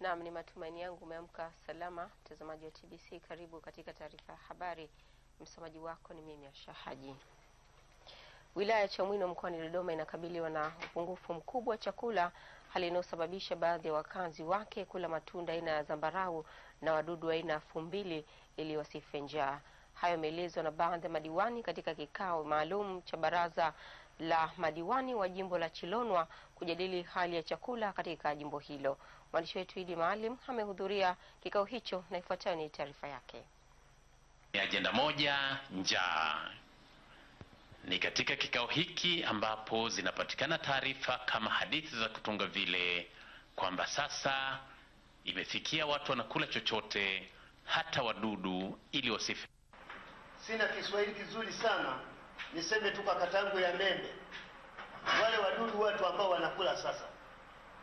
Naam, ni matumaini yangu umeamka salama, mtazamaji wa TBC. Karibu katika taarifa ya habari, msomaji wako ni mimi Asha Haji. Wilaya ya Chamwino mkoani Dodoma inakabiliwa na upungufu mkubwa wa chakula, hali inayosababisha baadhi ya wakazi wake kula matunda aina ya zambarau na wadudu aina ya fumbili ili wasife njaa. Hayo yameelezwa na baadhi ya madiwani katika kikao maalum cha baraza la madiwani wa jimbo la Chilonwa kujadili hali ya chakula katika jimbo hilo. Mwandishi wetu Idi Maalim amehudhuria kikao hicho na ifuatayo ni taarifa yake. Ni ajenda moja, njaa. Ni katika kikao hiki ambapo zinapatikana taarifa kama hadithi za kutunga vile kwamba sasa imefikia watu wanakula chochote hata wadudu ili wasife. Sina Kiswahili kizuri sana niseme tu kwa katangu ya mende, wale wadudu watu ambao wanakula sasa,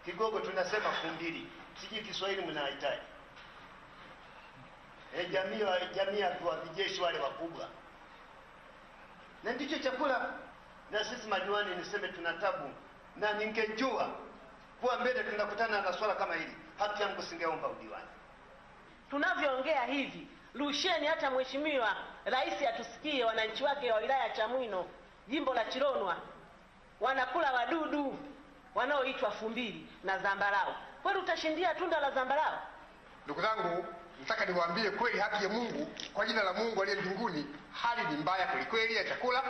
Kigogo tunasema kumbili sijui Kiswahili mnahitaji e, eh, jamii jamii ya vijeshi wale wakubwa, na ndicho chakula. Na sisi madiwani niseme tuna tabu, na ningejua kuwa mbele tunakutana na swala kama hili, haki yangu singeomba udiwani. Tunavyoongea hivi rusheni hata mheshimiwa rais atusikie, wananchi wake wa wilaya ya Chamwino, jimbo la Chironwa, wanakula wadudu wanaoitwa fumbili na zambarau. Kweli utashindia tunda la zambarau? Ndugu zangu, nataka niwaambie kweli, haki ya Mungu, kwa jina la Mungu aliye mbinguni, hali ni mbaya kwelikweli ya chakula,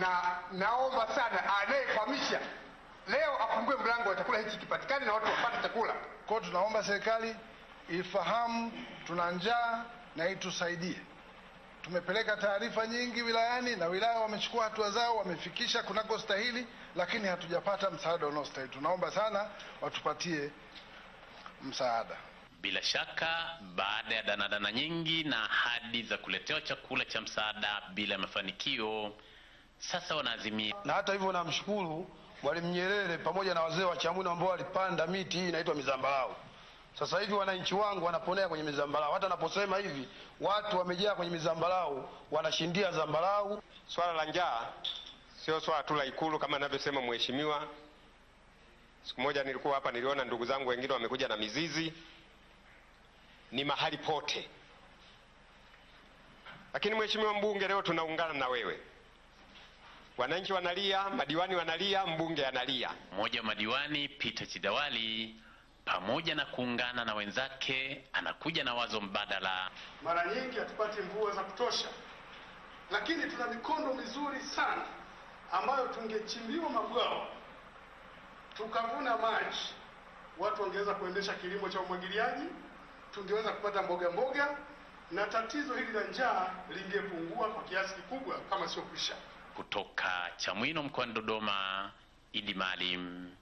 na naomba sana anayefahamisha leo afungue mlango wa chakula hichi kipatikane na watu wapate chakula. Kwa hiyo tunaomba serikali ifahamu tuna njaa na itusaidie. Tumepeleka taarifa nyingi wilayani na wilaya wamechukua hatua zao, wamefikisha kunako stahili lakini hatujapata msaada unaostahili. Tunaomba sana watupatie msaada. Bila shaka baada ya danadana nyingi na ahadi za kuletewa chakula cha msaada bila mafanikio, sasa wanaazimia. Na hata hivyo, namshukuru Mwalimu Nyerere pamoja na wazee wa Chamwino ambao walipanda miti hii inaitwa mizambarau. Sasa hivi wananchi wangu wanaponea kwenye mizambarau, hata naposema hivi watu wamejaa kwenye mizambarau, wanashindia zambarau. Swala la njaa sio swala tu la Ikulu kama anavyosema mheshimiwa. Siku moja nilikuwa hapa, niliona ndugu zangu wengine wamekuja na mizizi, ni mahali pote. Lakini mheshimiwa mbunge, leo tunaungana na wewe. Wananchi wanalia, madiwani wanalia, mbunge analia. Mmoja madiwani Peter Chidawali pamoja na kuungana na wenzake, anakuja na wazo mbadala. Mara nyingi hatupati mvua za kutosha, lakini tuna mikondo mizuri sana ambayo tungechimbiwa mabwawa tukavuna maji, watu wangeweza kuendesha kilimo cha umwagiliaji, tungeweza kupata mboga mboga na tatizo hili la njaa lingepungua kwa kiasi kikubwa, kama sio kuisha. Kutoka Chamwino mkoani Dodoma, Idi Maalim.